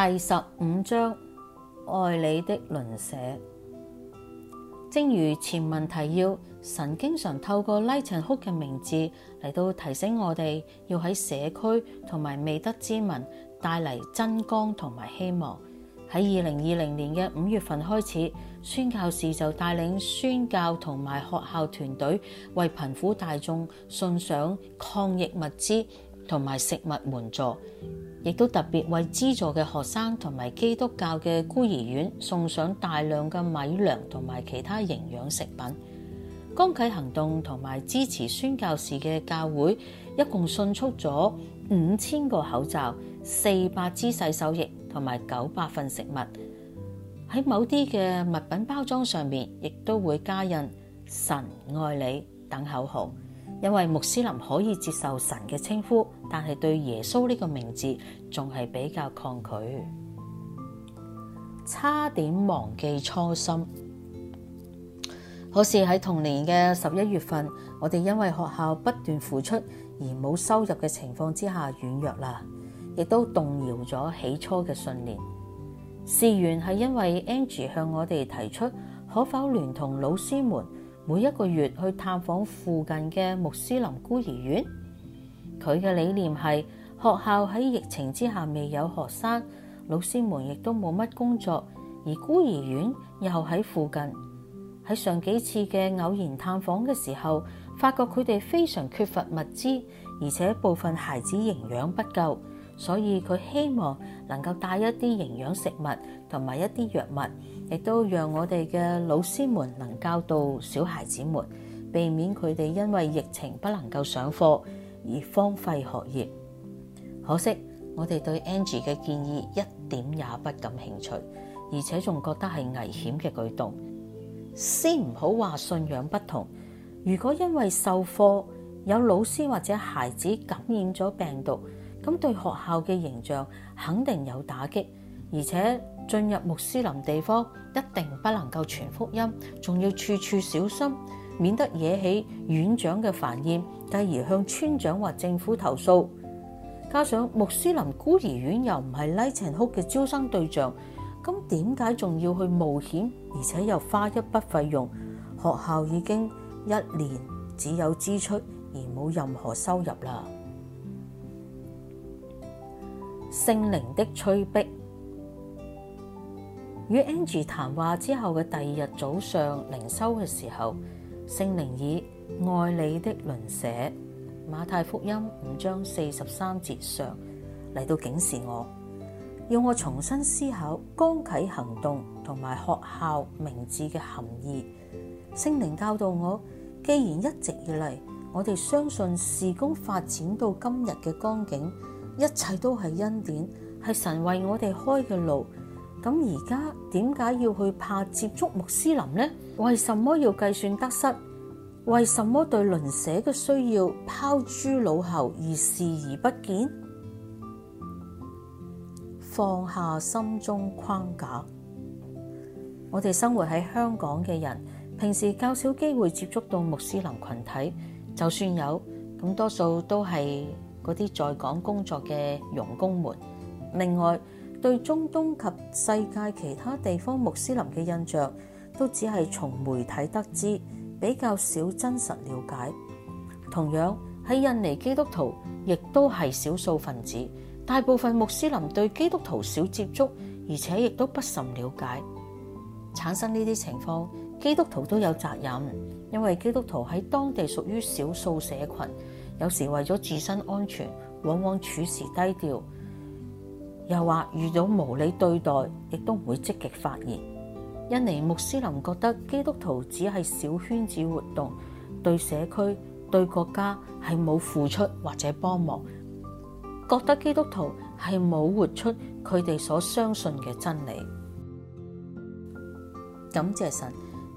第十五章愛你的鄰舍，正如前文提要，神經常透過拉陳哭嘅名字嚟到提醒我哋，要喺社區同埋未得之民帶嚟真光同埋希望。喺二零二零年嘅五月份開始，宣教士就帶領宣教同埋學校團隊為貧苦大眾送上抗疫物資。同埋食物援助，亦都特別為資助嘅學生同埋基督教嘅孤兒院送上大量嘅米糧同埋其他營養食品。光啟行動同埋支持宣教士嘅教會，一共送出咗五千個口罩、四百支洗手液同埋九百份食物。喺某啲嘅物品包裝上面，亦都會加印“神愛你”等口號。因為穆斯林可以接受神嘅稱呼，但係對耶穌呢個名字仲係比較抗拒，差點忘記初心。可是喺同年嘅十一月份，我哋因為學校不斷付出而冇收入嘅情況之下軟弱啦，亦都動搖咗起初嘅信念。事緣係因為 Angie 向我哋提出，可否聯同老師們，每一個月去探訪附近嘅穆斯林孤兒院，佢嘅理念係學校喺疫情之下未有學生，老師們亦都冇乜工作，而孤兒院又喺附近。喺上幾次嘅偶然探訪嘅時候，發覺佢哋非常缺乏物資，而且部分孩子營養不夠。所以佢希望能夠帶一啲營養食物同埋一啲藥物，亦都讓我哋嘅老師們能教導小孩子們，避免佢哋因為疫情不能夠上課而荒廢學業。可惜我哋對 Angie 嘅建議一點也不感興趣，而且仲覺得係危險嘅舉動。先唔好話信仰不同，如果因為授課有老師或者孩子感染咗病毒，咁對學校嘅形象肯定有打擊，而且進入穆斯林地方一定不能夠傳福音，仲要處處小心，免得惹起院長嘅煩厭，繼而向村長或政府投訴。加上穆斯林孤兒院又唔係拉長哭嘅招生對象，咁點解仲要去冒險，而且又花一筆費用？學校已經一年只有支出而冇任何收入啦。聖靈的催逼，與 Angie 談話之後嘅第二日早上靈修嘅時候，聖靈以愛你的鄰舍，馬太福音五章四十三節上嚟到警示我，要我重新思考剛啟行動同埋學校名字嘅含義。聖靈教導我，既然一直以嚟我哋相信事工發展到今日嘅光景。一切都係恩典，係神為我哋開嘅路。咁而家點解要去怕接觸穆斯林呢？為什麼要計算得失？為什麼對鄰舍嘅需要拋諸腦後而視而不見？放下心中框架，我哋生活喺香港嘅人，平時較少機會接觸到穆斯林群體，就算有，咁多數都係。嗰啲在港工作嘅傭工們，另外對中東及世界其他地方穆斯林嘅印象，都只係從媒體得知，比較少真實了解。同樣喺印尼基督徒，亦都係少數分子，大部分穆斯林對基督徒少接觸，而且亦都不甚了解。產生呢啲情況，基督徒都有責任，因為基督徒喺當地屬於少數社群。有時為咗自身安全，往往處事低調；又話遇到無理對待，亦都唔會積極發言。印尼穆斯林覺得基督徒只係小圈子活動，對社區、對國家係冇付出或者幫忙，覺得基督徒係冇活出佢哋所相信嘅真理。感謝神，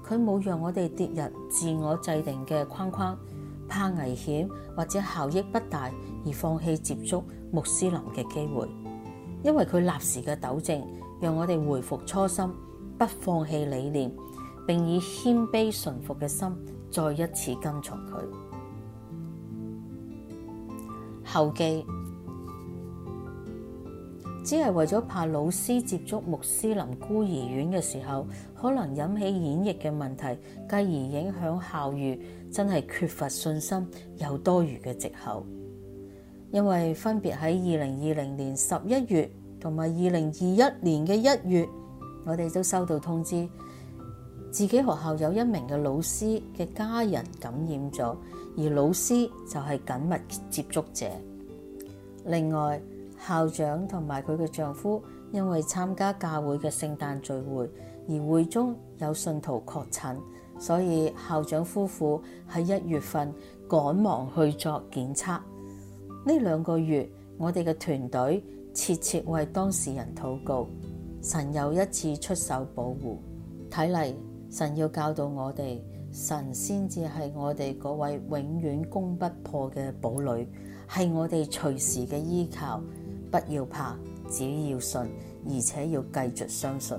佢冇讓我哋跌入自我制定嘅框框。怕危險或者效益不大而放棄接觸穆斯林嘅機會，因為佢立時嘅糾正，讓我哋回復初心，不放棄理念，並以謙卑順服嘅心再一次跟隨佢。後記只係為咗怕老師接觸穆斯林孤兒院嘅時候，可能引起演繹嘅問題，繼而影響校譽。真係缺乏信心，有多餘嘅藉口，因為分別喺二零二零年十一月同埋二零二一年嘅一月，我哋都收到通知，自己學校有一名嘅老師嘅家人感染咗，而老師就係緊密接觸者。另外，校長同埋佢嘅丈夫因為參加教會嘅聖誕聚會，而會中有信徒確診。所以校長夫婦喺一月份趕忙去作檢測。呢兩個月，我哋嘅團隊切切為當事人禱告。神又一次出手保護，睇嚟神要教導我哋，神先至係我哋嗰位永遠攻不破嘅堡壘，係我哋隨時嘅依靠。不要怕，只要信，而且要繼續相信。